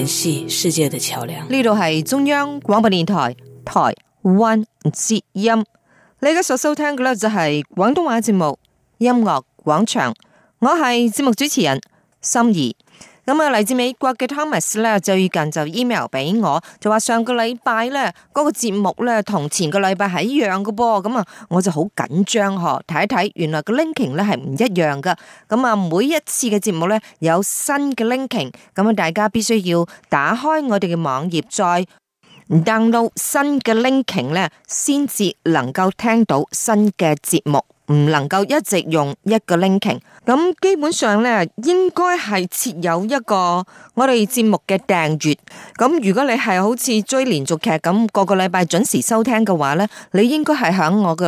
聯繫世界的橋梁。呢度係中央廣播電台台灣節音，你而家所收聽嘅咧就係廣東話節目《音樂廣場》，我係節目主持人心儀。咁啊，嚟自美國嘅 Thomas 咧，最近就 email 俾我，就話上個禮拜咧嗰個節目咧同前個禮拜係一樣嘅噃，咁啊我就好緊張呵，睇一睇，原來個 linking 咧係唔一樣噶，咁啊每一次嘅節目咧有新嘅 linking，咁啊大家必須要打開我哋嘅網頁再登錄新嘅 linking 咧，先至能夠聽到新嘅節目。唔能夠一直用一個 linking，咁基本上呢應該係設有一個我哋節目嘅訂閱，咁如果你係好似追連續劇咁，個個禮拜準時收聽嘅話呢，你應該係喺我嘅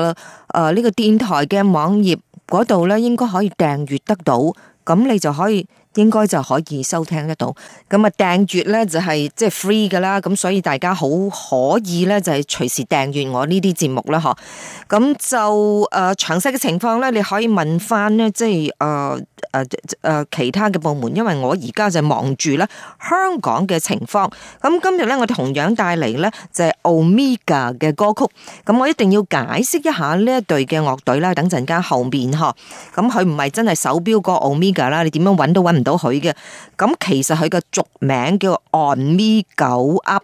誒呢個電台嘅網頁嗰度呢，應該可以訂閱得到，咁你就可以。應該就可以收聽得到，咁啊訂閱咧就係即係 free 噶啦，咁所以大家好可以咧就係隨時訂閱我呢啲節目啦，嗬。咁就誒詳細嘅情況咧，你可以問翻咧，即係誒誒誒其他嘅部門，因為我而家就忙住咧香港嘅情況。咁今日咧我哋同樣帶嚟咧就係 Omega 嘅歌曲，咁我一定要解釋一下呢一隊嘅樂隊啦。等陣間後面嗬，咁佢唔係真係手錶個 Omega 啦，你點樣搵都搵唔。到佢嘅，咁其實佢嘅俗名叫 Onmi 九 up，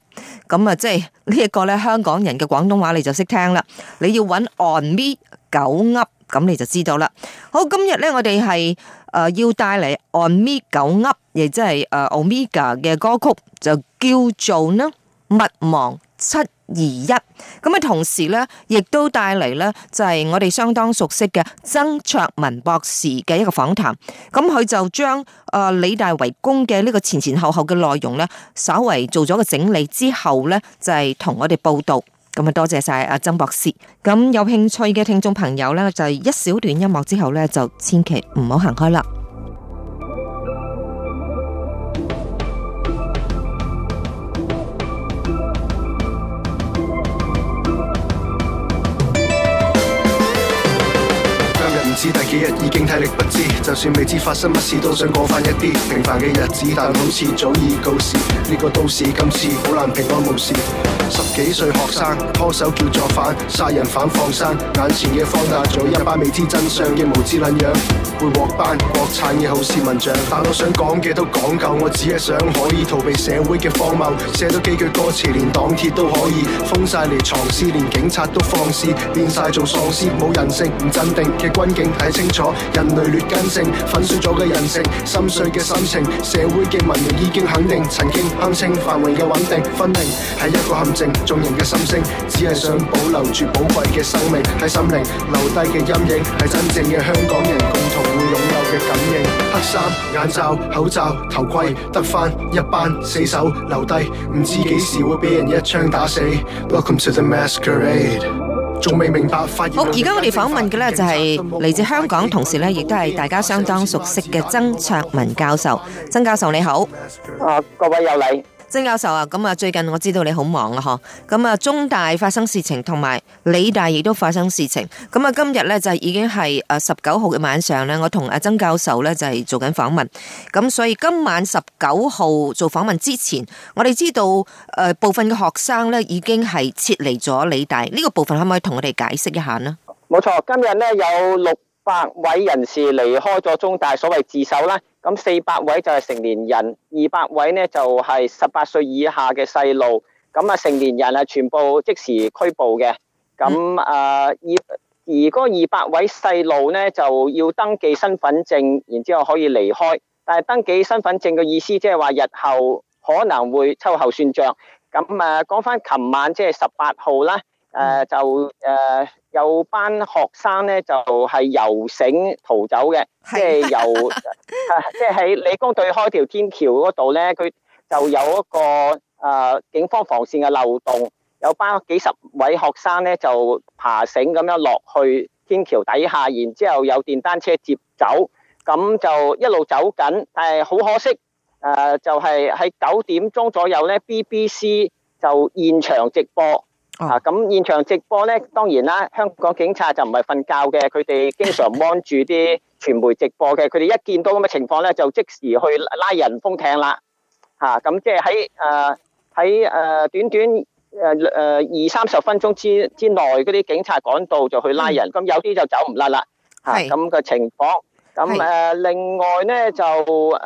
咁啊，即係呢一個咧，香港人嘅廣東話你就識聽啦。你要搵 Onmi 九 up，咁你就知道啦。好，今日咧我哋係誒要帶嚟 Onmi 九 up，亦即係誒 Omega 嘅歌曲，就叫做呢勿忘七。而一咁啊，同時咧，亦都帶嚟咧，就係我哋相當熟悉嘅曾焯文博士嘅一個訪談。咁佢就將啊理大圍攻嘅呢個前前後後嘅內容咧，稍微做咗個整理之後咧，就係、是、同我哋報道。咁啊，多謝晒阿曾博士。咁有興趣嘅聽眾朋友咧，就一小段音樂之後咧，就千祈唔好行開啦。第幾日已經體力不支，就算未知發生乜事，都想過翻一啲平凡嘅日子，但好似早已告示呢個都市今次好難平安無事。十幾歲學生拖手叫作反殺人犯放生，眼前嘅放大咗一班未知真相嘅無知撚樣，會獲班國產嘅好市民獎。但我想講嘅都講夠，我只係想可以逃避社會嘅荒謬。寫到幾句歌詞連黨鐵都可以封晒嚟藏屍，連警察都放肆變晒做喪屍，冇人性唔鎮定嘅軍警。睇清楚，人類劣根性，粉碎咗嘅人性，心碎嘅心情，社會嘅文明已經肯定，曾經堪稱繁榮嘅穩定，分明係一個陷阱，眾人嘅心聲，只係想保留住寶貴嘅生命喺心靈，留低嘅陰影係真正嘅香港人共同會擁有嘅感應。黑衫、眼罩、口罩、頭盔，得翻一班死守留，留低唔知幾時會俾人一槍打死。Welcome to the Masquerade。仲未明白發現。好，而家我哋訪問嘅呢就係嚟自香港，同時呢亦都係大家相當熟悉嘅曾焯文教授。曾教授你好，啊，各位有禮。曾教授啊，咁啊最近我知道你好忙啊，嗬，咁啊中大發生事情，同埋理大亦都發生事情，咁啊今日咧就已經係誒十九號嘅晚上咧，我同阿曾教授咧就係做緊訪問，咁所以今晚十九號做訪問之前，我哋知道誒部分嘅學生咧已經係撤離咗理大，呢個部分可唔可以同我哋解釋一下呢？冇錯，今日咧有六百位人士離開咗中大，所謂自首啦。咁四百位就係成年人，二百位呢就係十八歲以下嘅細路。咁啊，成年人啊，全部即時拘捕嘅。咁啊、嗯，二而嗰二百位細路呢，就要登記身份證，然之後可以離開。但係登記身份證嘅意思，即係話日後可能會秋後算賬。咁啊，講翻琴晚即係十八號啦。誒，uh, 就誒、uh, 有班學生咧，就係游繩逃走嘅，即係游，即係喺理工對開條天橋嗰度咧，佢就有一個誒、uh, 警方防線嘅漏洞，有班幾十位學生咧就爬繩咁樣落去天橋底下，然之後有電單車接走，咁就一路走緊，但係好可惜，誒、uh, 就係喺九點鐘左右咧，BBC 就現場直播。啊，咁現場直播咧，當然啦，香港警察就唔係瞓覺嘅，佢哋經常望住啲傳媒直播嘅，佢哋一見到咁嘅情況咧，就即時去拉人封艇啦。嚇，咁即係喺誒喺誒短短誒誒二三十分鐘之之內，嗰啲警察趕到就去拉人，咁有啲就走唔甩啦。嚇，咁嘅情況。咁誒另外咧就誒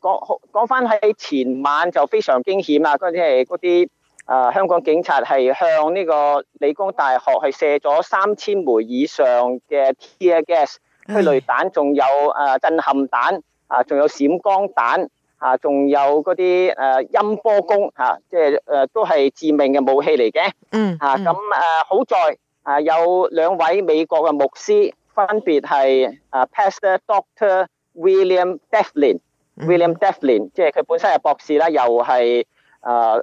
講講翻喺前晚就非常驚險啊，嗰啲係嗰啲。啊！香港警察係向呢個理工大學係射咗三千枚以上嘅 tear gas 催淚彈，仲有啊震撼彈，啊仲有閃光彈，啊仲有嗰啲誒音波弓嚇，即係誒都係致命嘅武器嚟嘅。嗯。嚇咁誒好在啊，有兩位美國嘅牧師，分別係啊 Pastor Doctor William Devlin，William Devlin，即係佢本身係博士啦，又係誒。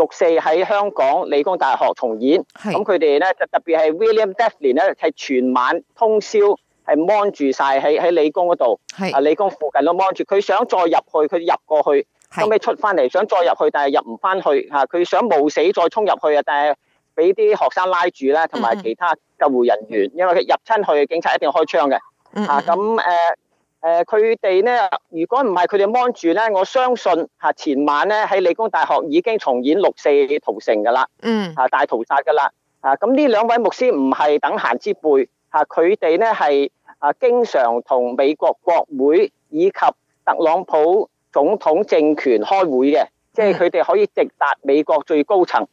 六四喺香港理工大學重演，咁佢哋咧，特特別係 William Deaflin 咧是，係全晚通宵係 mon 住晒喺喺理工嗰度，係啊是理工附近都 mon 住。佢想再入去，佢入過去，後尾是出翻嚟，想再入去，但係入唔翻去嚇。佢想冒死再衝入去啊，但係俾啲學生拉住咧，同埋其他救護人員，嗯嗯因為佢入親去，警察一定要開槍嘅嚇。咁誒、嗯嗯。啊誒佢哋咧，他們呢如果唔係佢哋望住咧，我相信嚇前晚咧喺理工大學已經重演六四屠城噶啦，嗯嚇大屠殺噶啦，啊咁呢兩位牧師唔係等閒之輩嚇，佢哋咧係啊經常同美國國會以及特朗普總統政權開會嘅，即係佢哋可以直達美國最高層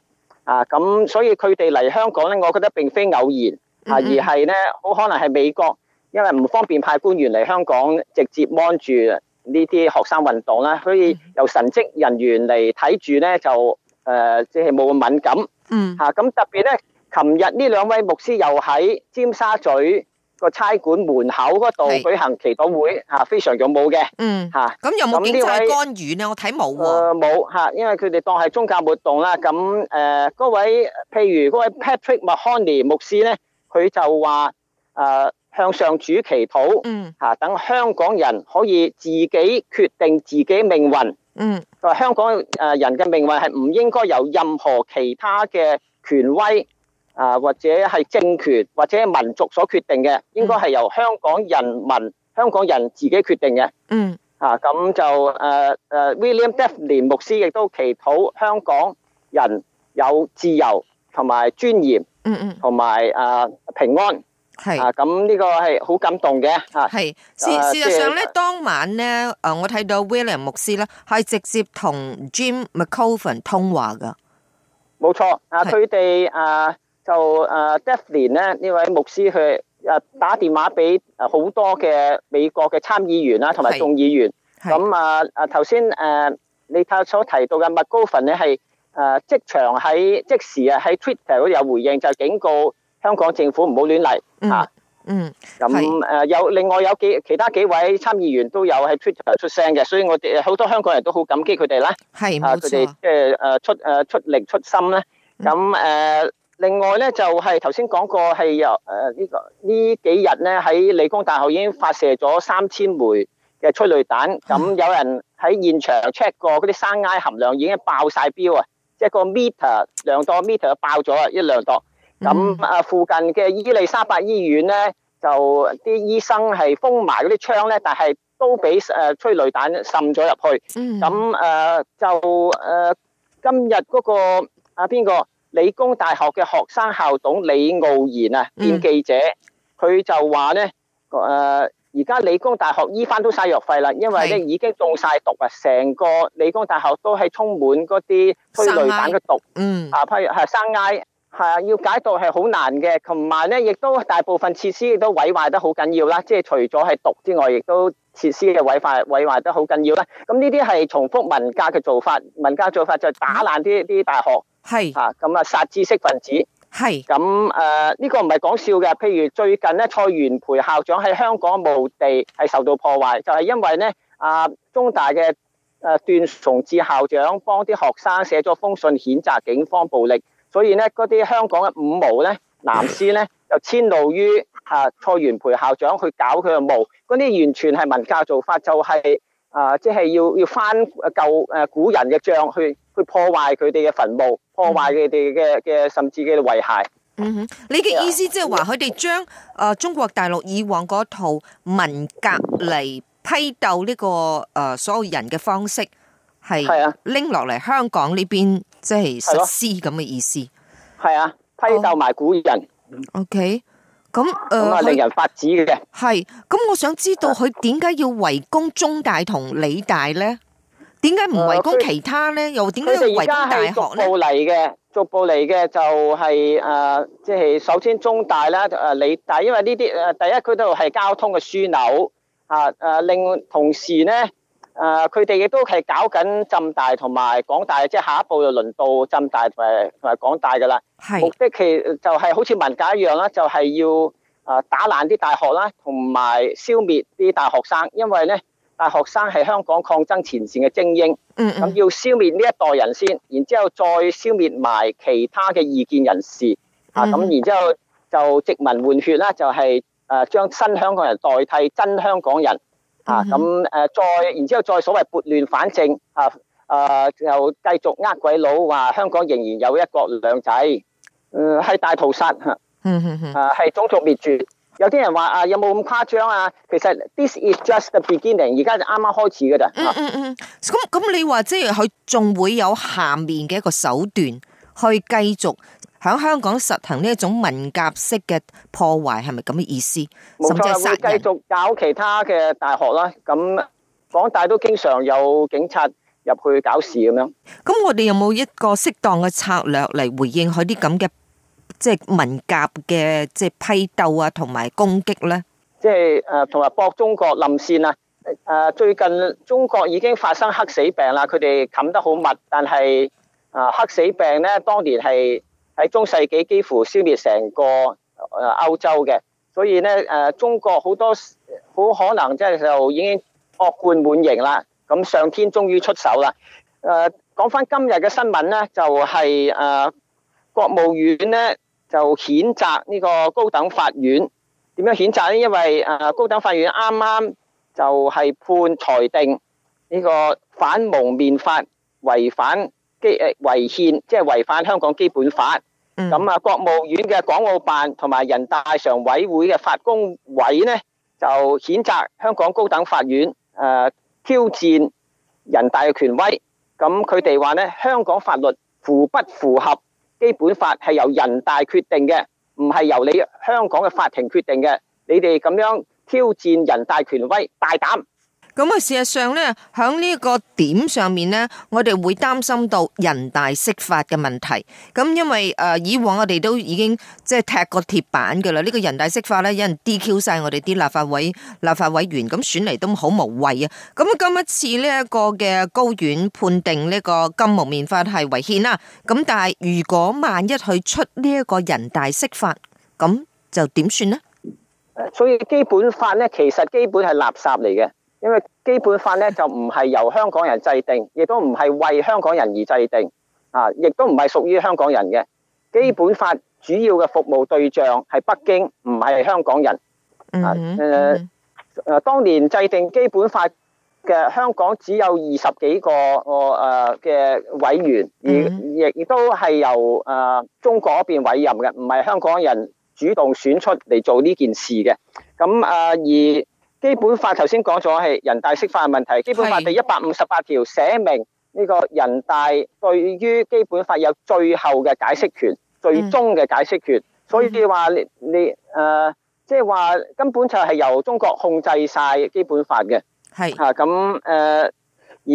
啊，咁所以佢哋嚟香港咧，我覺得並非偶然嚇，而係咧好可能係美國。因為唔方便派官員嚟香港直接望住呢啲學生運動啦，所以由神職人員嚟睇住咧就誒，即係冇咁敏感。嗯。嚇，咁特別咧，琴日呢兩位牧師又喺尖沙咀個差館門口嗰度舉行祈禱會嚇，非常勇武嘅。嗯。嚇，咁有冇警察去干預咧？我睇冇喎。誒冇嚇，因為佢哋當係宗教活動啦。咁誒，嗰位譬如嗰位 Patrick Mahoney 牧師咧，佢就話誒。向上主祈禱，嗯，嚇等香港人可以自己決定自己命運，嗯，話香港誒人嘅命運係唔應該由任何其他嘅權威啊或者係政權或者民族所決定嘅，應該係由香港人民、香港人自己決定嘅，嗯，嚇咁就誒誒 William Devlin 牧師亦都祈禱香港人有自由同埋尊嚴，嗯嗯，同埋啊平安。係，咁呢個係好感動嘅。係，事事實上咧，當晚咧，誒，我睇到 William 牧師咧，係直接同 Jim McGovern 通話噶。冇錯，啊，佢哋誒就誒 Devin 咧呢位牧師去誒打電話俾好多嘅美國嘅參議員啊，同埋眾議員。咁啊，啊頭先誒你睇所提到嘅 McGovern 咧係誒即場喺即時啊喺 Twitter 嗰度有回應，就警告。香港政府唔好亂嚟。嗯，咁、嗯、有、啊、是另外有其他幾位參議員都有喺 Twitter 出聲嘅，所以我哋好多香港人都好感激佢哋啦，係即出出力出心咁、嗯啊、另外咧就係頭先講過係由、啊這個、呢呢幾日咧喺理工大學已經發射咗三千枚嘅催淚彈，咁、嗯、有人喺現場 check 過嗰啲山埃含量已經爆晒標啊，即、就、係、是、個 meter 量度 meter 爆咗啊，一量度。咁啊，附近嘅伊利沙伯醫院咧，就啲醫生係封埋嗰啲窗咧，但係都俾誒催淚彈滲咗入去。咁誒、嗯、就誒、呃、今日嗰、那個啊邊個理工大學嘅學生校董李傲然啊，見記者，佢、嗯、就話咧誒而家理工大學醫翻都晒藥費啦，因為咧是已經中晒毒啊，成個理工大學都係充滿嗰啲催淚彈嘅毒生。嗯。啊，譬如係山埃。係啊，要解毒係好難嘅，同埋咧，亦都大部分設施亦都毀壞得好緊要啦。即係除咗係毒之外，亦都設施嘅毀壞毀壞得好緊要啦。咁呢啲係重複文革嘅做法，文革做法就是打爛啲啲大學，係吓咁啊，殺知識分子，係咁誒，呢、啊這個唔係講笑嘅。譬如最近呢，蔡元培校長喺香港墓地係受到破壞，就係、是、因為呢，阿、啊、中大嘅誒段崇智校長幫啲學生寫咗封信譴責警方暴力。所以呢，嗰啲香港嘅五毛呢，藍絲呢，就遷怒於啊蔡元培校長去搞佢嘅墓。嗰啲完全係文革做法，就係啊，即係要要翻舊誒古人嘅帳，去去破壞佢哋嘅墳墓，破壞佢哋嘅嘅甚至嘅遺骸。嗯哼，你嘅意思即係話佢哋將啊中國大陸以往嗰套文革嚟批鬥呢個誒所有人嘅方式，係係啊拎落嚟香港呢邊。即係實施咁嘅意思，係啊批鬥埋古人。O K，咁誒，令人髮指嘅。係，咁我想知道佢點解要圍攻中大同理大咧？點解唔圍攻其他咧？又點解要圍攻大學咧？逐步嚟嘅，就是，逐步嚟嘅就係誒，即係首先中大啦，誒理大，因為呢啲誒第一區都係交通嘅樞紐，啊誒，另，啊，同時咧。誒，佢哋亦都係搞緊浸大同埋廣大，即係下一步就輪到浸大同埋同埋廣大噶啦。係，目的其就係好似文革一樣啦，就係要誒打爛啲大學啦，同埋消滅啲大學生，因為咧大學生係香港抗爭前線嘅精英。嗯，咁要消滅呢一代人先，然之後再消滅埋其他嘅異見人士。啊，咁然之後就殖民換血啦，就係誒將新香港人代替真香港人。啊，咁誒，再然之後再所謂撥亂反正，啊啊，又繼續呃鬼佬話香港仍然有一國兩制，嗯，係大屠殺嚇、嗯，嗯嗯嗯，啊係種族滅絕，有啲人話啊有冇咁誇張啊？其實 this is just the beginning，而家就啱啱開始噶咋、嗯，嗯嗯咁咁你話即係佢仲會有下面嘅一個手段去繼續。喺香港實行呢一種文革式嘅破壞，係咪咁嘅意思？冇錯，會繼續搞其他嘅大學啦。咁港大都經常有警察入去搞事咁樣。咁我哋有冇一個適當嘅策略嚟回應佢啲咁嘅即係文革嘅即係批鬥啊，同埋攻擊咧？即係誒，同埋博中國臨線啊！誒，最近中國已經發生黑死病啦，佢哋冚得好密，但係啊，黑死病咧當年係。喺中世紀幾乎消滅成個誒歐洲嘅，所以呢誒中國好多好可能即係就已經惡貫滿盈啦。咁上天終於出手啦。誒講返今日嘅新聞呢，就係誒國務院呢就譴責呢個高等法院。點樣譴責呢？因為誒高等法院啱啱就係判裁定呢個反蒙面法違反基誒違憲，即係違反香港基本法。咁啊，國務院嘅港澳辦同埋人大常委會嘅法工委呢，就譴責香港高等法院，啊，挑戰人大嘅權威。咁佢哋話呢，香港法律符不符合基本法係由人大決定嘅，唔係由你香港嘅法庭決定嘅。你哋咁樣挑戰人大權威，大膽！咁啊，事實上咧，喺呢一個點上面咧，我哋會擔心到人大釋法嘅問題。咁因為誒，以往我哋都已經即係踢過鐵板噶啦。呢個人大釋法咧，有人 DQ 晒我哋啲立法委立法委員，咁選嚟都好無謂啊。咁啊，今一次呢一個嘅高院判定呢個《禁蒙面法》係違憲啦。咁但係如果萬一去出呢一個人大釋法，咁就點算咧？誒，所以基本法咧，其實基本係垃圾嚟嘅。因為基本法咧就唔係由香港人制定，亦都唔係為香港人而制定，啊，亦都唔係屬於香港人嘅。基本法主要嘅服務對象係北京，唔係香港人。嗯、Mm-hmm. 啊、當年制定基本法嘅香港只有二十幾個個嘅、啊、委員，而亦都係由誒、啊、中國嗰邊委任嘅，唔係香港人主動選出嚟做呢件事嘅。咁啊而基本法頭先講咗係人大釋法嘅問題，基本法第一百五十八條寫明呢個人大對於基本法有最後嘅解釋權、最終嘅解釋權，所以話你你誒，即係話根本就係由中國控制晒基本法嘅，係吓咁誒。而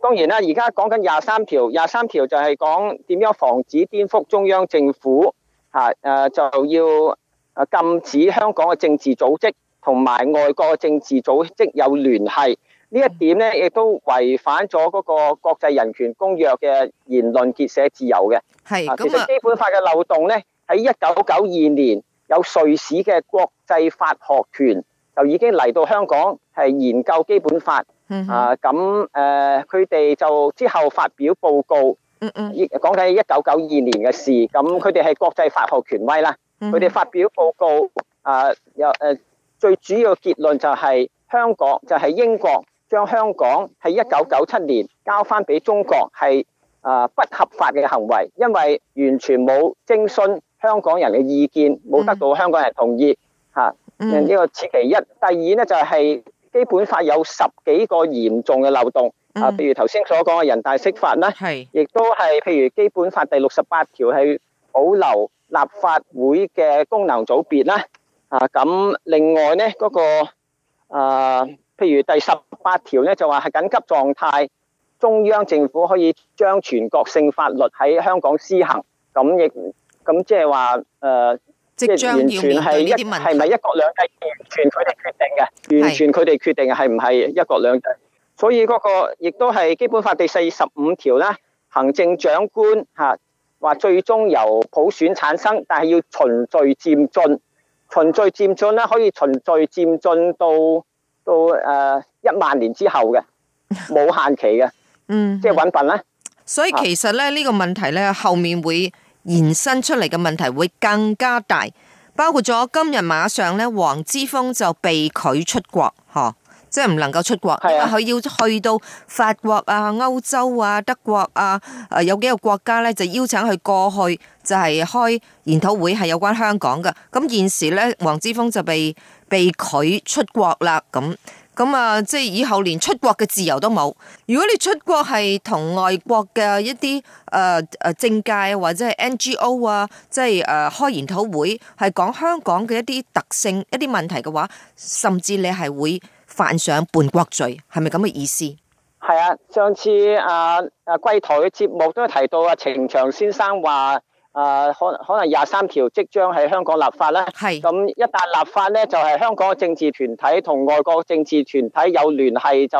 當然啦，而家講緊廿三條，廿三條就係講點樣防止顛覆中央政府吓誒、啊啊，就要禁止香港嘅政治組織。同埋外國政治組織有聯繫，呢一點咧亦都違反咗嗰個國際人權公約嘅言論結社自由嘅。係，其實基本法嘅漏洞咧，喺一九九二年有瑞士嘅國際法學權就已經嚟到香港係研究基本法。嗯。啊，咁誒，佢哋就之後發表報告。嗯嗯。講緊一九九二年嘅事，咁佢哋係國際法學權威啦。嗯。佢哋發表報告，啊，有誒。最主要結論就係香港就係英國將香港喺一九九七年交翻俾中國係啊，不合法嘅行為，因為完全冇徵詢香港人嘅意見，冇得到香港人同意嚇。呢個此其一，第二咧就係基本法有十幾個嚴重嘅漏洞啊，譬如頭先所講嘅人大釋法咧，亦都係譬如基本法第六十八條係保留立法會嘅功能組別啦。啊，咁另外呢，嗰個啊，呃，譬如第十八條呢，就話係緊急狀態，中央政府可以將全國性法律喺香港施行。咁亦咁即係話誒，即係完全係一係咪一國兩制？完全佢哋決定嘅，完全佢哋決定係唔係一國兩制？是的所以嗰個亦都係基本法第四十五條啦，行政長官吓話最終由普選產生，但係要循序漸進。循序漸進啦，可以循序漸進到到誒一萬年之後嘅，冇限期嘅，嗯 即係揾笨啦。所以其實咧呢個問題咧，後面會延伸出嚟嘅問題會更加大，包括咗今日馬上咧，黃之鋒就被拒出國，嚇。即係唔能夠出國，因為佢要去到法國啊、歐洲啊、德國啊，誒，有幾個國家咧就邀請佢過去，就係開研討會，係有關香港嘅。咁現時咧，黃之鋒就被被拒出國啦。咁咁啊，即係以後連出國嘅自由都冇。如果你出國係同外國嘅一啲誒誒政界或者係 N G O 啊，即係誒開研討會係講香港嘅一啲特性，一啲問題嘅話，甚至你係會。犯上叛國罪係咪咁嘅意思？係啊，上次啊啊，貴台嘅節目都提到啊，程翔先生話啊，可能可能廿三條即將喺香港立法啦。係咁是一旦立法咧，就係、是、香港嘅政治團體同外國政治團體有聯繫，就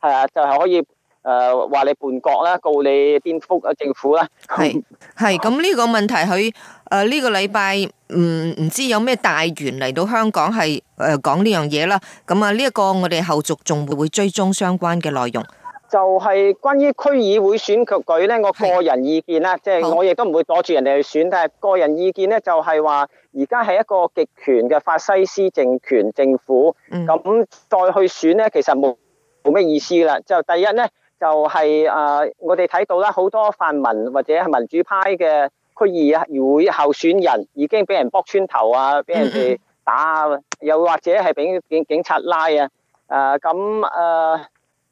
係啊，就係可以誒話、啊、你叛國啦，告你顛覆啊政府啦。係係咁呢個問題佢。誒，呢、啊這個禮拜唔唔知有咩大員嚟到香港係誒講呢樣嘢啦。咁、呃、啊，呢一、嗯這個我哋後續仲會追蹤相關嘅內容。就係關於區議會選舉舉咧，我個人意見啦，即係的我亦都唔會阻住人哋去選，但係個人意見咧就係話，而家係一個極權嘅法西斯政權政府，咁、嗯、再去選咧，其實冇冇咩意思啦。就第一咧，就係、是、誒、呃，我哋睇到啦，好多泛民或者係民主派嘅。區議啊，議會候選人已經俾人卜穿頭啊，俾人哋打啊，又或者係俾警警察拉啊。誒咁誒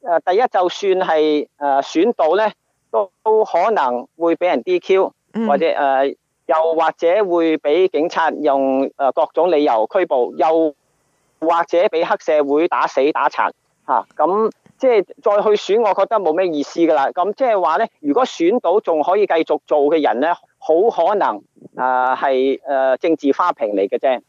誒，第一就算係誒選到咧，都都可能會俾人 DQ，或者誒又或者會俾警察用誒各種理由拘捕，又或者俾黑社會打死打殘嚇。咁即係再去選，我覺得冇咩意思㗎啦。咁即係話咧，如果選到仲可以繼續做嘅人咧，好可能誒，係誒政治花瓶嚟嘅啫。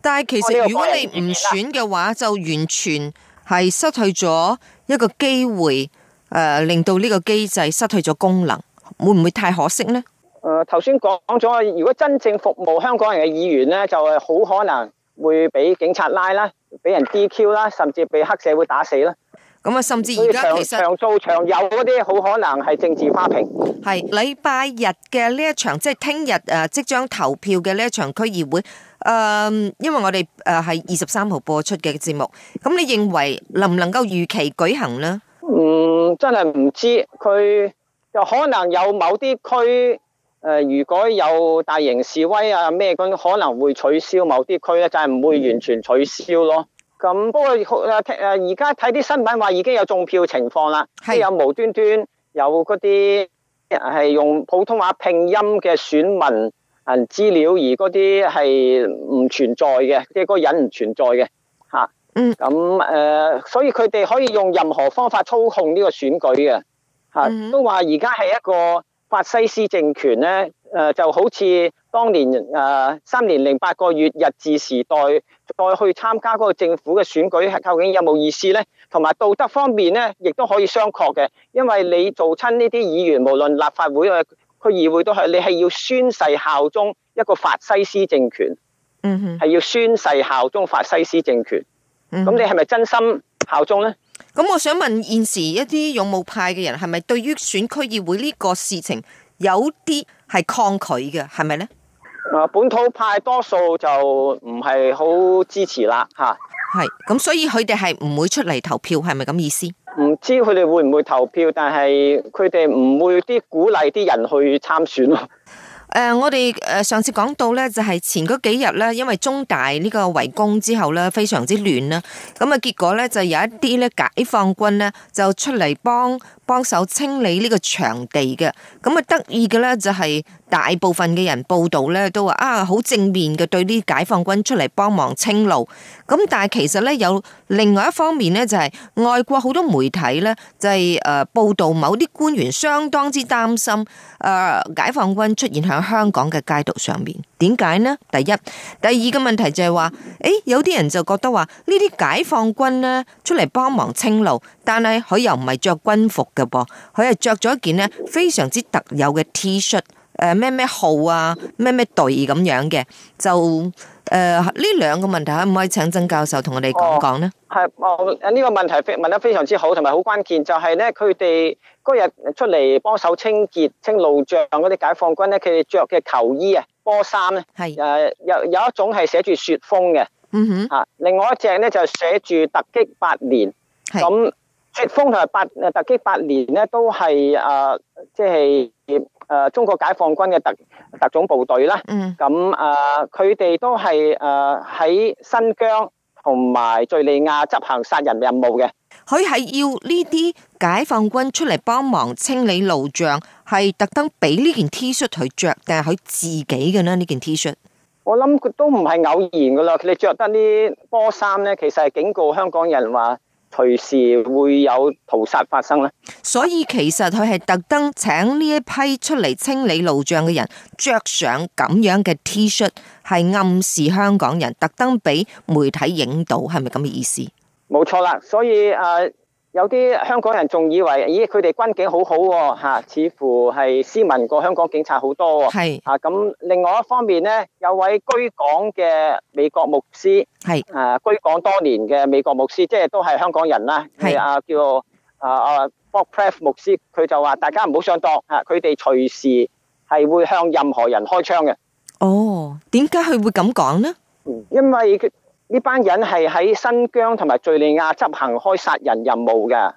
但係其實如果你唔選嘅話，就完全係失去咗一個機會誒，令到呢個機制失去咗功能，會唔會太可惜呢？誒，頭先講咗啊，如果真正服務香港人嘅議員咧，就係好可能會俾警察拉啦，俾人 DQ 啦，甚至俾黑社會打死啦。咁啊，甚至而家其實長、長，做長有啲，好可能係政治花瓶。係禮拜日嘅呢一場，就是、即係聽日誒即將投票嘅呢一場區議會誒、嗯，因為我哋誒係二十三號播出嘅節目。咁你認為能唔能夠如期舉行呢？嗯，真係唔知道，佢就可能有某啲區誒，如果有大型示威啊咩咁，可能會取消某啲區咧，就係唔會完全取消咯。咁不過，聽誒而家睇啲新聞話已經有種票情況啦，即係有無端端有嗰啲係用普通話拼音嘅選民啊資料，而嗰啲係唔存在嘅，即係嗰個人唔存在嘅嚇。咁誒，所以佢哋可以用任何方法操控呢個選舉嘅嚇，都話而家係一個。法西斯政權咧，就好似當年三年零八個月日治時代，再去參加嗰個政府嘅選舉，係究竟有冇意思呢？同埋道德方面呢，亦都可以商榷嘅，因為你做親呢啲議員，無論立法會啊、區議會都係，你係要宣誓效忠一個法西斯政權，嗯，係要宣誓效忠法西斯政權，咁你係咪真心效忠呢？咁我想問，現時一啲勇武派嘅人係咪對於選區議會呢個事情有啲係抗拒嘅，係咪呢？本土派多數就唔係好支持啦，吓。係，咁所以佢哋係唔會出嚟投票，係咪咁意思？唔知佢哋會唔會投票，但係佢哋唔會啲鼓勵啲人去參選咯。誒，我哋誒上次講到咧，就係前嗰幾日咧，因為中大呢個圍攻之後咧，非常之亂啦。咁啊，結果咧就有一啲咧解放軍咧就出嚟幫幫手清理呢個場地嘅。咁啊，得意嘅咧就係、是。大部分嘅人報道咧都話啊，好正面嘅對啲解放軍出嚟幫忙清路咁，但係其實咧有另外一方面呢，就係、是、外國好多媒體咧就係、是、誒、呃、報道某啲官員相當之擔心誒、呃、解放軍出現喺香港嘅街道上面點解呢？第一、第二個問題就係話誒有啲人就覺得話呢啲解放軍呢出嚟幫忙清路，但係佢又唔係着軍服嘅噃，佢係着咗一件咧非常之特有嘅 T 恤。Shirt, 誒，咩咩號啊，咩咩隊咁樣嘅，就誒呢兩個問題可唔可以請曾教授同我哋講講呢？係、哦，我呢、哦這個問題非問得非常之好，同埋好關鍵，就係咧佢哋嗰日出嚟幫手清潔清路障嗰啲解放軍咧，佢哋着嘅球衣啊、波衫咧，係誒是、呃、有有一種係寫住雪風嘅，嗯哼，吓、啊，另外一隻咧就寫住特擊八年，咁雪風同埋八特擊八年咧都係誒即係。呃就是誒，中國解放軍嘅特特種部隊啦，嗯，咁誒，佢哋都係誒喺新疆同埋敍利亞執行殺人任務嘅。佢係要呢啲解放軍出嚟幫忙清理路障，係特登俾呢件 T 恤佢著，定係佢自己嘅咧呢件 T 恤？我諗佢都唔係偶然噶啦，佢哋著得啲波衫咧，其實係警告香港人話，隨時會有屠殺發生咧，所以其實佢係特登請呢一批出嚟清理路障嘅人着上咁樣嘅 T 恤，係暗示香港人特登俾媒體影到，係咪咁嘅意思？冇錯啦，所以誒、啊。有啲香港人仲以為，咦，佢哋軍警好好喎，吓，似乎係斯文過香港警察好多喎。係，啊，咁另外一方面咧，有位居港嘅美國牧師，係，啊，居港多年嘅美國牧師，即係都係香港人啦。係，啊，叫啊啊 Bob Preff 牧師，佢就話大家唔好上當，啊，佢哋隨時係會向任何人開槍嘅。哦，點解佢會咁講呢？嗯，因為佢。呢班人係喺新疆同埋敘利亞執行開殺人任務嘅。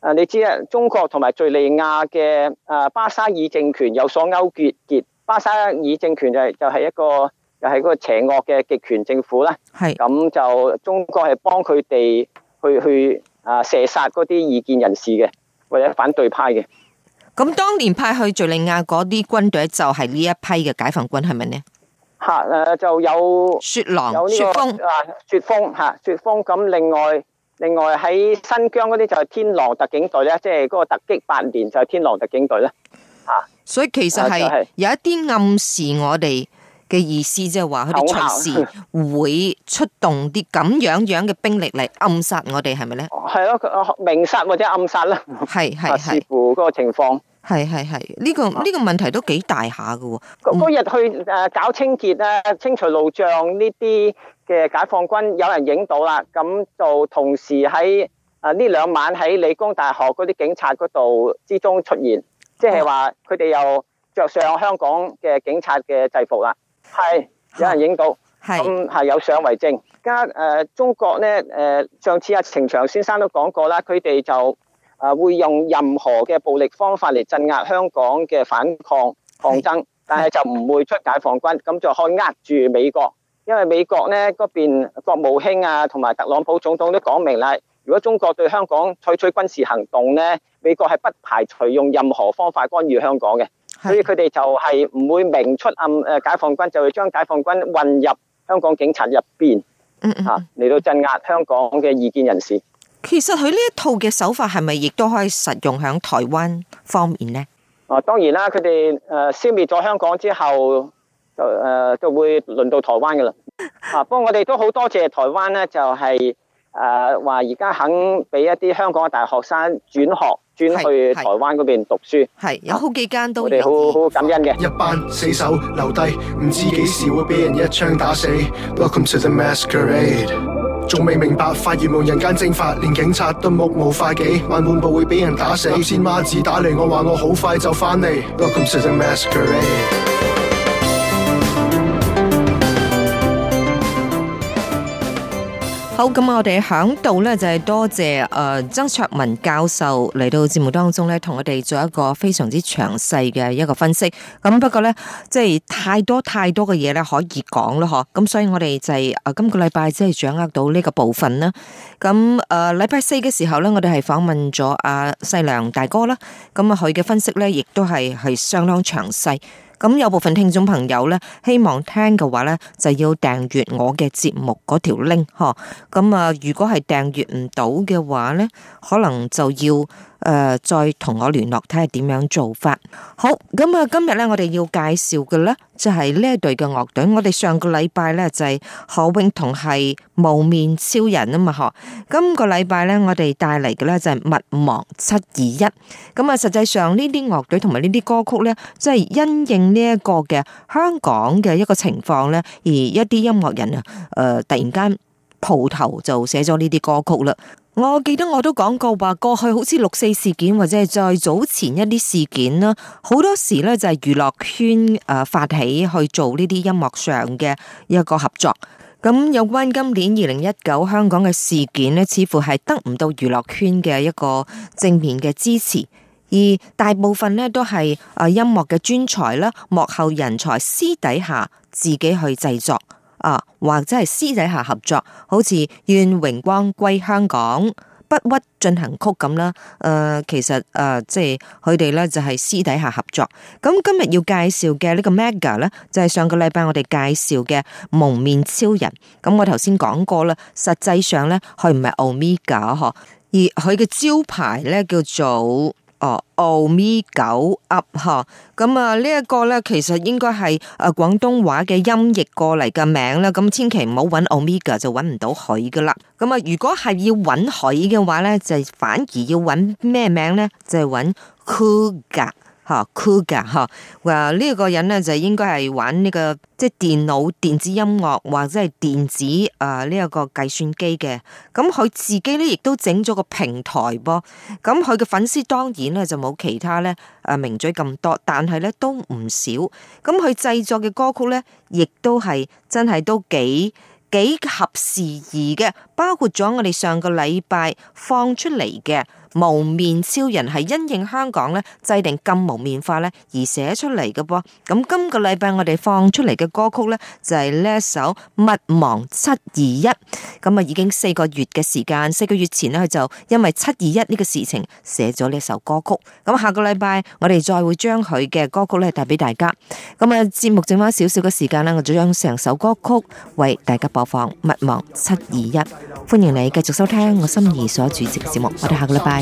誒，你知呀，中國同埋敘利亞嘅誒巴沙爾政權有所勾結。結巴沙爾政權就係就係一個又係個邪惡嘅極權政府啦。係咁就中國係幫佢哋去去誒射殺嗰啲異見人士嘅或者反對派嘅。咁當年派去敘利亞嗰啲軍隊就係呢一批嘅解放軍係咪呢？吓，誒，就有雪狼、雪峰，啊，雪峰吓，雪峰。咁另外，另外喺新疆嗰啲就係天狼特警隊咧，即係嗰個突擊八年就係天狼特警隊咧。吓，所以其實係有一啲暗示我哋嘅意思，即係話佢哋隨時會出動啲咁樣樣嘅兵力嚟暗殺我哋，係咪咧？係咯，佢明殺或者暗殺啦。係係係，視乎嗰個情況。係係係，呢個呢個問題都幾大下嘅。嗰日去誒搞清潔啊，清除路障呢啲嘅解放軍有人影到啦。咁就同時喺啊呢兩晚喺理工大學嗰啲警察嗰度之中出現，即係話佢哋又着上香港嘅警察嘅制服啦。係有人影到，係咁係有相為證。家誒，中國咧誒，上次阿程翔先生都講過啦，佢哋就。啊！會用任何嘅暴力方法嚟鎮壓香港嘅反抗抗爭，的但係就唔會出解放軍，咁就可以壓住美國。因為美國呢嗰邊國務卿啊，同埋特朗普總統都講明啦，如果中國對香港採取軍事行動呢，美國係不排除用任何方法干預香港嘅。所以佢哋就係唔會明出暗解放軍，就會將解放軍混入香港警察入邊，嚇嚟到鎮壓香港嘅異見人士。其實佢呢一套嘅手法係咪亦都可以實用喺台灣方面呢？哦、啊，當然啦，佢哋誒消滅咗香港之後，就誒、呃、都會輪到台灣噶啦。 啊，不過我哋都好多謝台灣咧，就係誒話而家肯俾一啲香港嘅大學生轉學轉去台灣嗰邊讀書。係有好幾間都我哋好好好感恩嘅。一班四手留仲未明白，發現無人間蒸發，連警察都目無法紀，慢半步會俾人打死。老先媽子打嚟，我話我好快就翻嚟。Welcome to the masquerade. 好，咁我哋響度咧，就係、是、多謝誒、呃、曾焯文教授嚟到節目當中咧，同我哋做一個非常之詳細嘅一個分析。咁不過咧，即、就、係、是、太多太多嘅嘢咧可以講咯，嗬。咁所以我哋就係、是、誒、呃、今個禮拜即係掌握到呢個部分啦。咁誒禮拜四嘅時候咧，我哋係訪問咗阿、啊、世良大哥啦。咁啊佢嘅分析咧，亦都係係相當詳細。咁有部分聽眾朋友呢，希望聽嘅話呢，就要訂閱我嘅節目嗰條 link，嗬。咁啊，如果係訂閱唔到嘅話呢，可能就要誒、呃、再同我聯絡，睇下點樣做法。好，咁啊，今日呢，我哋要介紹嘅呢，就係呢一隊嘅樂隊。我哋上個禮拜呢，就係何永同係無面超人啊嘛，嗬。今個禮拜呢、就是，我哋帶嚟嘅呢，就係勿忘七二一。咁啊，實際上呢啲樂隊同埋呢啲歌曲呢，即係因應。呢一個嘅香港嘅一個情況呢，而一啲音樂人啊，誒、呃，突然間蒲頭就寫咗呢啲歌曲啦。我記得我都講過話，過去好似六四事件或者係再早前一啲事件啦，好多時呢就係娛樂圈誒發起去做呢啲音樂上嘅一個合作。咁有關今年二零一九香港嘅事件呢，似乎係得唔到娛樂圈嘅一個正面嘅支持。而大部分咧都係啊音樂嘅專才啦，幕後人才私底下自己去製作啊，或者係私底下合作，好似《願榮光歸香港》《不屈進行曲》咁啦。誒、呃，其實誒，即係佢哋咧就係、是、私底下合作。咁今日要介紹嘅呢個 Mega 咧，就係、是、上個禮拜我哋介紹嘅《蒙面超人》。咁我頭先講過啦，實際上咧佢唔係 Omega 而佢嘅招牌咧叫做。哦，奧米狗噏吓，咁啊呢一個咧，其實應該係誒廣東話嘅音譯過嚟嘅名啦。咁千祈唔好 m e 米 a 就搵唔到佢噶啦。咁啊，如果係要搵佢嘅話咧，就反而要搵咩名咧？就搵柯格。吓，酷噶吓，誒呢一個人咧就應該係玩呢，這個即係、就是、電腦電子音樂或者係電子誒呢一個計算機嘅，咁佢自己咧亦都整咗個平台噃，咁佢嘅粉絲當然咧就冇其他咧誒、啊、名嘴咁多，但係咧都唔少，咁佢製作嘅歌曲咧亦都係真係都幾幾合時宜嘅，包括咗我哋上個禮拜放出嚟嘅。無面超人係因應香港咧制定禁無面法咧而寫出嚟嘅噃，咁今個禮拜我哋放出嚟嘅歌曲咧就係呢一首《勿忘七二一》，咁啊已經四個月嘅時間，四個月前呢，佢就因為七二一呢個事情寫咗呢首歌曲，咁下個禮拜我哋再會將佢嘅歌曲咧帶俾大家，咁啊節目剩翻少少嘅時間呢，我就將成首歌曲為大家播放《勿忘七二一》，歡迎你繼續收聽我心儀所主持嘅節目，我哋下個禮拜。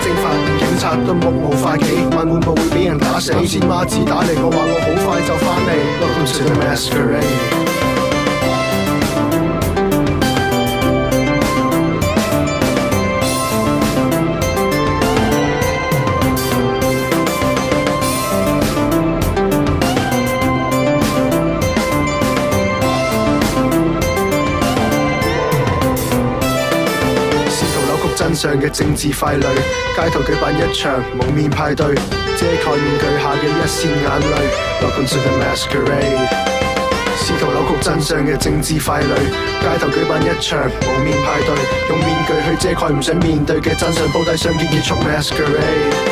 正警察都目無法紀，問會唔會俾人打死。幾千孖子打嚟，我話，我好快就翻嚟。 上嘅政治傀儡，街頭舉辦一場蒙面派對，遮蓋面具下嘅一線眼淚。不管在 The Masquerade，試圖扭曲真相嘅政治傀儡，街頭舉辦一場蒙面派對，用面具去遮蓋唔想面對嘅真相，煲底相見嘅錯。Masquerade。